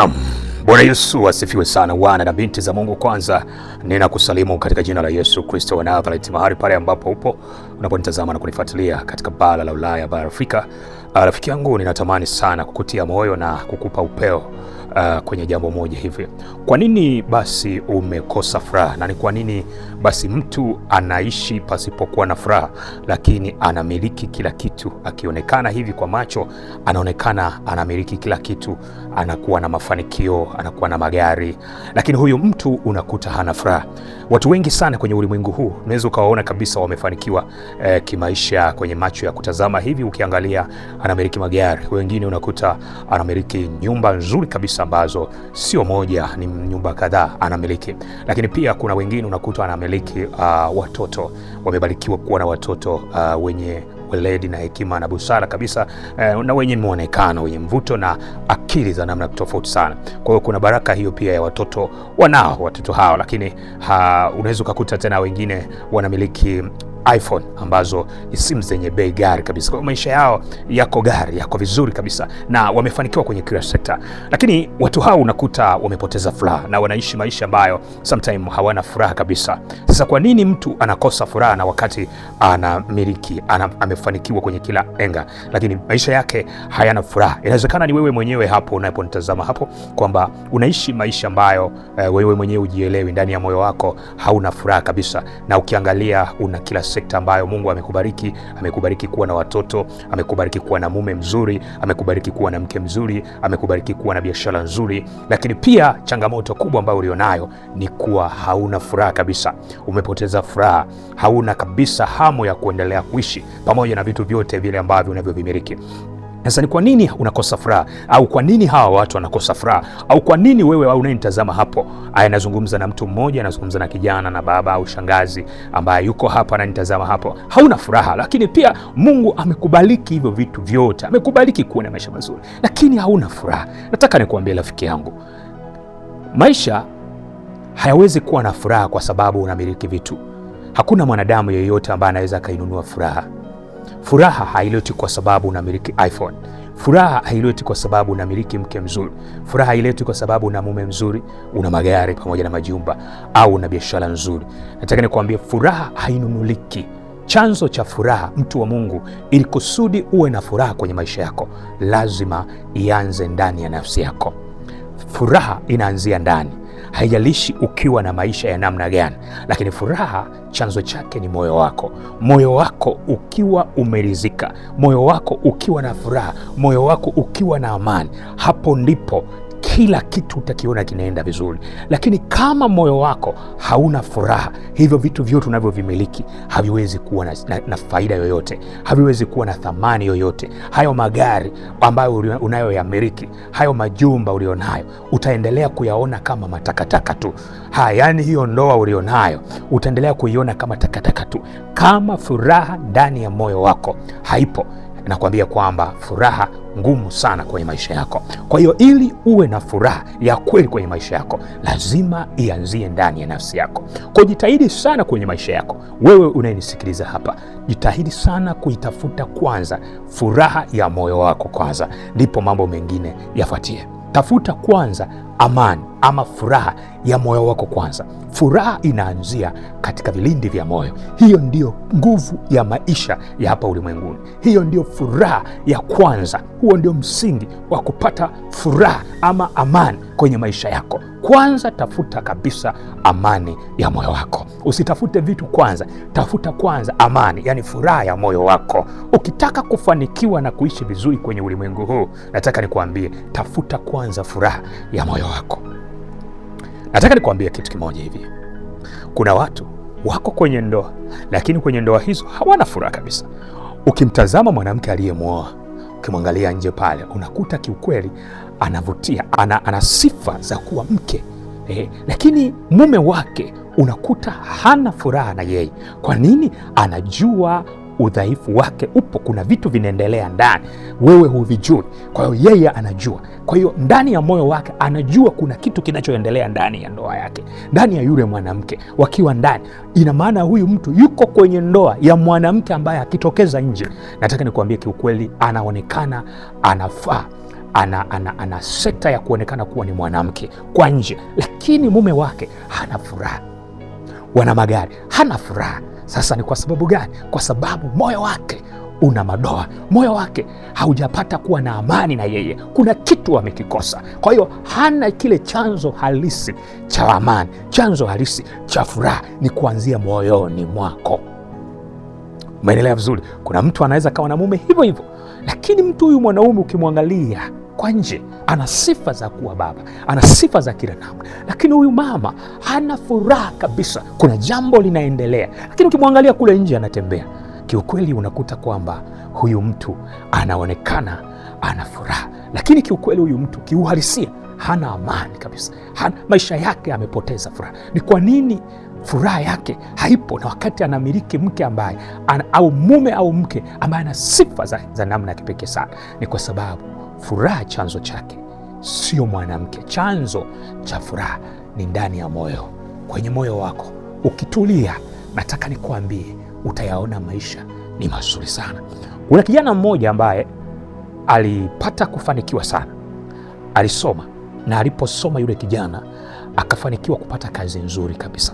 Naam, Bwana Yesu asifiwe sana, wana na binti za Mungu. Kwanza ninakusalimu katika jina la Yesu Kristo wa Nazareti, mahali pale ambapo upo unaponitazama na kunifuatilia katika bara la Ulaya, bara Afrika. Ah, rafiki yangu, ninatamani sana kukutia moyo na kukupa upeo uh, kwenye jambo moja hivi. Kwa nini basi umekosa furaha, na ni kwa nini basi mtu anaishi pasipokuwa na furaha, lakini anamiliki kila kitu? Akionekana hivi kwa macho, anaonekana anamiliki kila kitu, anakuwa na mafanikio, anakuwa na magari, lakini huyu mtu unakuta hana furaha. Watu wengi sana kwenye ulimwengu huu unaweza ukawaona kabisa wamefanikiwa, eh, kimaisha kwenye macho ya kutazama hivi. Ukiangalia anamiliki magari, wengine unakuta anamiliki nyumba nzuri kabisa ambazo sio moja, ni nyumba kadhaa anamiliki. Lakini pia kuna wengine unakuta anamiliki uh, ah, watoto, wamebarikiwa kuwa na watoto uh, wenye weledi na hekima na busara kabisa eh, na wenye mwonekano wenye mvuto na akili za namna tofauti sana. Kwa hiyo kuna baraka hiyo pia ya watoto wanao watoto hao, lakini ah, unaweza ukakuta tena wengine wanamiliki iPhone ambazo ni simu zenye bei gari kabisa. Kwa hiyo maisha yao yako gari, yako vizuri kabisa na wamefanikiwa kwenye kila sekta, lakini watu hao unakuta wamepoteza furaha na wanaishi maisha ambayo sometimes hawana furaha kabisa. Sasa kwa nini mtu anakosa furaha na wakati anamiliki ana, amefanikiwa kwenye kila enga, lakini maisha yake hayana furaha? Inawezekana ni wewe mwenyewe hapo unaponitazama hapo kwamba unaishi maisha ambayo uh, wewe mwenyewe ujielewi, ndani ya moyo wako hauna furaha kabisa, na ukiangalia una kila sekta ambayo Mungu amekubariki. Amekubariki kuwa na watoto, amekubariki kuwa na mume mzuri, amekubariki kuwa na mke mzuri, amekubariki kuwa na biashara nzuri. Lakini pia changamoto kubwa ambayo ulionayo ni kuwa hauna furaha kabisa, umepoteza furaha, hauna kabisa hamu ya kuendelea kuishi pamoja na vitu vyote vile ambavyo unavyovimiliki. Sasa ni kwa nini unakosa furaha, au kwa nini hawa watu wanakosa furaha, au kwa nini wewe au unayenitazama hapo? Aya, anazungumza na mtu mmoja, anazungumza na kijana na baba au shangazi ambaye yuko hapa ananitazama hapo. Hauna furaha, lakini pia Mungu amekubaliki hivyo vitu vyote, amekubaliki kuwa na maisha mazuri, lakini hauna furaha. Nataka nikuambie rafiki yangu, maisha hayawezi kuwa na furaha kwa sababu unamiliki vitu. Hakuna mwanadamu yeyote ambaye anaweza akainunua furaha. Furaha haileti kwa sababu unamiliki iPhone. Furaha haileti kwa sababu unamiliki mke mzuri. Furaha haileti kwa sababu una mume mzuri, una magari pamoja na majumba, au una biashara nzuri. Nataka nikuambie, furaha hainunuliki. Chanzo cha furaha, mtu wa Mungu, ili kusudi uwe na furaha kwenye maisha yako, lazima ianze ndani ya nafsi yako. Furaha inaanzia ndani haijalishi ukiwa na maisha ya namna gani, lakini furaha chanzo chake ni moyo wako. Moyo wako ukiwa umeridhika, moyo wako ukiwa na furaha, moyo wako ukiwa na amani, hapo ndipo kila kitu utakiona kinaenda vizuri, lakini kama moyo wako hauna furaha, hivyo vitu vyote unavyovimiliki haviwezi kuwa na, na, na faida yoyote, haviwezi kuwa na thamani yoyote. Hayo magari ambayo unayoyamiliki, hayo majumba ulionayo, utaendelea kuyaona kama matakataka tu. Haya, yani hiyo ndoa ulionayo utaendelea kuiona kama takataka tu. Kama furaha ndani ya moyo wako haipo, nakwambia kwamba furaha ngumu sana kwenye maisha yako. Kwa hiyo ili uwe na furaha ya kweli kwenye maisha yako, lazima ianzie ndani ya nafsi yako. Kwa jitahidi sana kwenye maisha yako, wewe unayenisikiliza hapa, jitahidi sana kuitafuta kwanza furaha ya moyo wako kwanza, ndipo mambo mengine yafuatie. Tafuta kwanza amani ama furaha ya moyo wako kwanza. Furaha inaanzia katika vilindi vya moyo. Hiyo ndiyo nguvu ya maisha ya hapa ulimwenguni. Hiyo ndiyo furaha ya kwanza. Huo ndio msingi wa kupata furaha ama amani kwenye maisha yako. Kwanza tafuta kabisa amani ya moyo wako, usitafute vitu kwanza. Tafuta kwanza amani, yani furaha ya moyo wako. Ukitaka kufanikiwa na kuishi vizuri kwenye ulimwengu huu, nataka nikuambie, tafuta kwanza furaha ya moyo wako. Nataka nikuambie kitu kimoja hivi, kuna watu wako kwenye ndoa, lakini kwenye ndoa hizo hawana furaha kabisa. Ukimtazama mwanamke aliyemwoa, ukimwangalia nje pale, unakuta kiukweli anavutia, ana, ana sifa za kuwa mke eh, lakini mume wake unakuta hana furaha na yeye. Kwa nini? Anajua udhaifu wake upo, kuna vitu vinaendelea ndani, wewe huvijui. Kwa hiyo yeye anajua. Kwa hiyo ndani ya moyo wake anajua kuna kitu kinachoendelea ndani ya ndoa yake, ndani ya yule mwanamke. Wakiwa ndani, ina maana huyu mtu yuko kwenye ndoa ya mwanamke ambaye akitokeza nje, nataka nikuambie kiukweli, anaonekana anafaa ana, ana, ana sekta ya kuonekana kuwa ni mwanamke kwa nje, lakini mume wake hana furaha. Wana magari, hana furaha. Sasa ni kwa sababu gani? Kwa sababu moyo wake una madoa, moyo wake haujapata kuwa na amani na yeye, kuna kitu amekikosa. Kwa hiyo hana kile chanzo halisi cha amani. Chanzo halisi cha furaha ni kuanzia moyoni mwako. Umeendelea vizuri. Kuna mtu anaweza kawa na mume hivyo hivyo, lakini mtu huyu mwanaume ukimwangalia kwa nje ana sifa za kuwa baba, ana sifa za kila namna, lakini huyu mama hana furaha kabisa. Kuna jambo linaendelea, lakini ukimwangalia kule nje anatembea, kiukweli unakuta kwamba huyu mtu anaonekana ana furaha, lakini kiukweli huyu mtu kiuhalisia hana amani kabisa, hana, maisha yake amepoteza furaha. Ni kwa nini furaha yake haipo, na wakati anamiliki mke ambaye au mume au mke ambaye ana sifa za, za namna ya kipekee sana? Ni kwa sababu Furaha chanzo chake sio mwanamke. Chanzo cha furaha ni ndani ya moyo, kwenye moyo wako. Ukitulia, nataka nikuambie, utayaona maisha ni mazuri sana. Kuna kijana mmoja ambaye alipata kufanikiwa sana, alisoma na aliposoma, yule kijana akafanikiwa kupata kazi nzuri kabisa,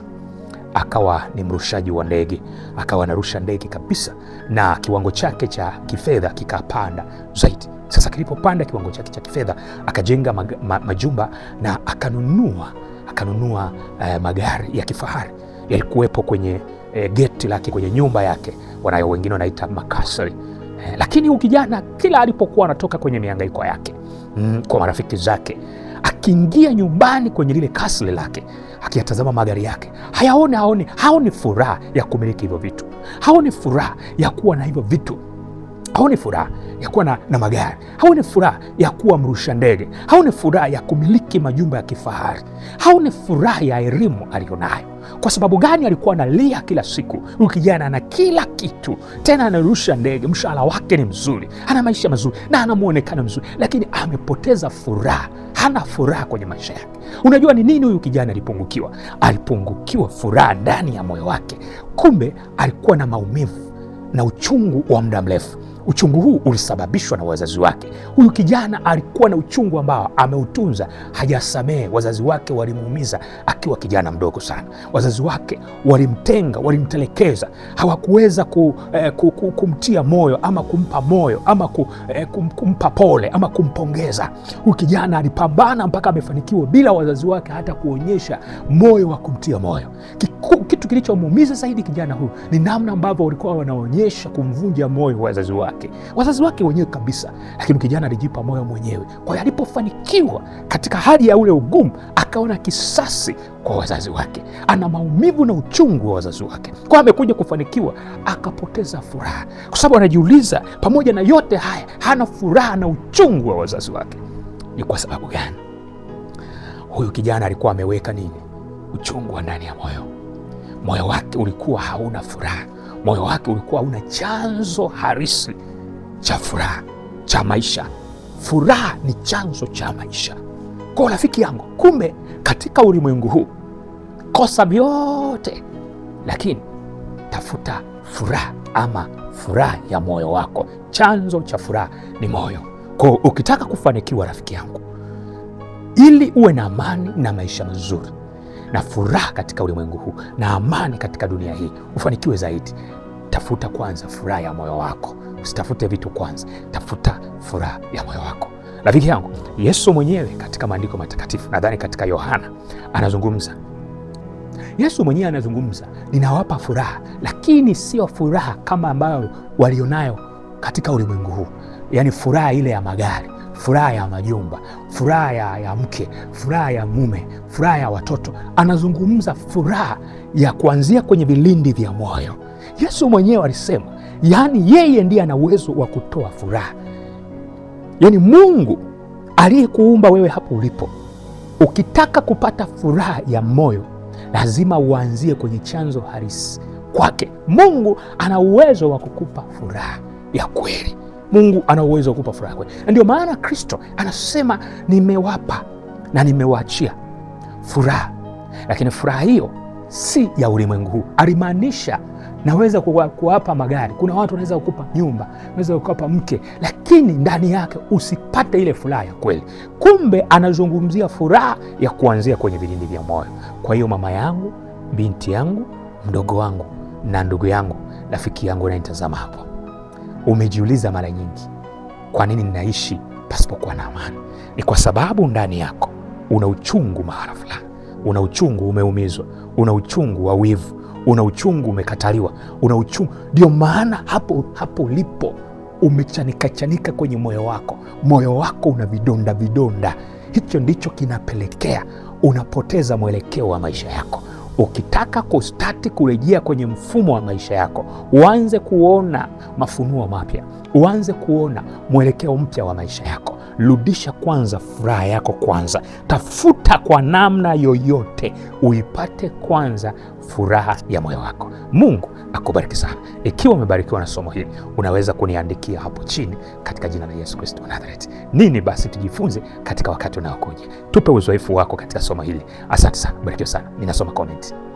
akawa ni mrushaji wa ndege, akawa anarusha ndege kabisa, na kiwango chake cha kifedha kikapanda zaidi. Sasa kilipopanda kiwango chake cha kifedha, akajenga ma, majumba na akanunua akanunua eh, magari ya kifahari yalikuwepo kwenye eh, geti lake kwenye nyumba yake wanayo wengine wanaita makasri eh, lakini huyu kijana kila alipokuwa anatoka kwenye mihangaiko yake mm, kwa marafiki zake akiingia nyumbani kwenye lile kasri lake, akiyatazama magari yake hayaone, haoni haoni furaha ya kumiliki hivyo vitu, haoni furaha ya kuwa na hivyo vitu haoni furaha ya kuwa na, na magari, haoni furaha ya kuwa mrusha ndege, haoni furaha ya kumiliki majumba ya kifahari, haoni furaha ya elimu aliyonayo. Kwa sababu gani? Alikuwa analia kila siku. Huyu kijana ana kila kitu, tena anarusha ndege, mshahara wake ni mzuri, ana maisha mazuri na ana mwonekano mzuri, lakini amepoteza furaha, hana furaha kwenye maisha yake. Unajua ni nini huyu kijana alipungukiwa? Alipungukiwa furaha ndani ya moyo wake. Kumbe alikuwa na maumivu na uchungu wa muda mrefu. Uchungu huu ulisababishwa na wazazi wake. Huyu kijana alikuwa na uchungu ambao ameutunza, hajasamehe. Wazazi wake walimuumiza akiwa kijana mdogo sana. Wazazi wake walimtenga, walimtelekeza, hawakuweza ku, eh, ku, ku, kumtia moyo ama kumpa moyo ama ku, eh, kum, kumpa pole ama kumpongeza. Huyu kijana alipambana mpaka amefanikiwa bila wazazi wake hata kuonyesha moyo wa kumtia moyo. Kiku, kitu kilichomuumiza zaidi kijana huyu ni namna ambavyo walikuwa wanaonyesha kumvunja moyo wazazi wake wake, wazazi wake wenyewe kabisa, lakini kijana alijipa moyo mwenyewe. Kwa hiyo alipofanikiwa katika hali ya ule ugumu, akaona kisasi kwa wazazi wake, ana maumivu na uchungu wa wazazi wake. Kwa amekuja kufanikiwa, akapoteza furaha, kwa sababu anajiuliza, pamoja na yote haya hana furaha na uchungu wa wazazi wake. Ni kwa sababu gani? Huyu kijana alikuwa ameweka nini? Uchungu wa ndani ya moyo, moyo wake ulikuwa hauna furaha moyo wake ulikuwa una chanzo harisi cha furaha cha maisha. Furaha ni chanzo cha maisha. Kwa rafiki yangu, kumbe katika ulimwengu huu kosa vyote, lakini tafuta furaha ama furaha ya moyo wako. Chanzo cha furaha ni moyo. Kwa ukitaka kufanikiwa, rafiki yangu, ili uwe na amani na maisha mazuri, na furaha katika ulimwengu huu na amani katika dunia hii, ufanikiwe zaidi, tafuta kwanza furaha ya moyo wako. Usitafute vitu kwanza, tafuta furaha ya moyo wako. Rafiki yangu, Yesu mwenyewe katika maandiko matakatifu, nadhani katika Yohana anazungumza Yesu mwenyewe anazungumza, ninawapa furaha, lakini sio furaha kama ambayo walionayo katika ulimwengu huu, yaani furaha ile ya magari furaha ya majumba, furaha ya mke, furaha ya mume, furaha ya watoto. Anazungumza furaha ya kuanzia kwenye vilindi vya moyo. Yesu mwenyewe alisema, yaani yeye ndiye ana uwezo wa kutoa furaha. Yaani Mungu aliyekuumba wewe hapo ulipo, ukitaka kupata furaha ya moyo lazima uanzie kwenye chanzo halisi kwake. Mungu ana uwezo wa kukupa furaha ya kweli. Mungu ana uwezo wa kupa furaha kweli, na ndio maana Kristo anasema nimewapa na nimewaachia furaha, lakini furaha hiyo si ya ulimwengu huu. Alimaanisha naweza kuwapa magari, kuna watu wanaweza kukupa nyumba, naweza kukupa mke, lakini ndani yake usipate ile furaha ya kweli. Kumbe anazungumzia furaha ya kuanzia kwenye vilindi vya moyo. Kwa hiyo, mama yangu, binti yangu, mdogo wangu na ndugu yangu, rafiki yangu, naitazama hapo Umejiuliza mara nyingi, kwa nini ninaishi pasipokuwa na amani? Ni kwa sababu ndani yako una uchungu mahala fulani, una uchungu, umeumizwa, una uchungu wa wivu, una uchungu, umekataliwa, una uchungu. Ndio maana hapo hapo ulipo umechanika-chanika kwenye moyo wako, moyo wako una vidonda vidonda. Hicho ndicho kinapelekea unapoteza mwelekeo wa maisha yako. Ukitaka kustati kurejea kwenye mfumo wa maisha yako, uanze kuona mafunuo mapya, uanze kuona mwelekeo mpya wa maisha yako rudisha kwanza furaha yako kwanza, tafuta kwa namna yoyote uipate kwanza furaha ya moyo wako. Mungu akubariki sana. Ikiwa umebarikiwa na somo hili, unaweza kuniandikia hapo chini katika jina la Yesu Kristo wa Nazareti. Nini basi tujifunze katika wakati unaokuja? Tupe uzoefu wako katika somo hili. Asante sana, barikiwa sana. Ninasoma komenti.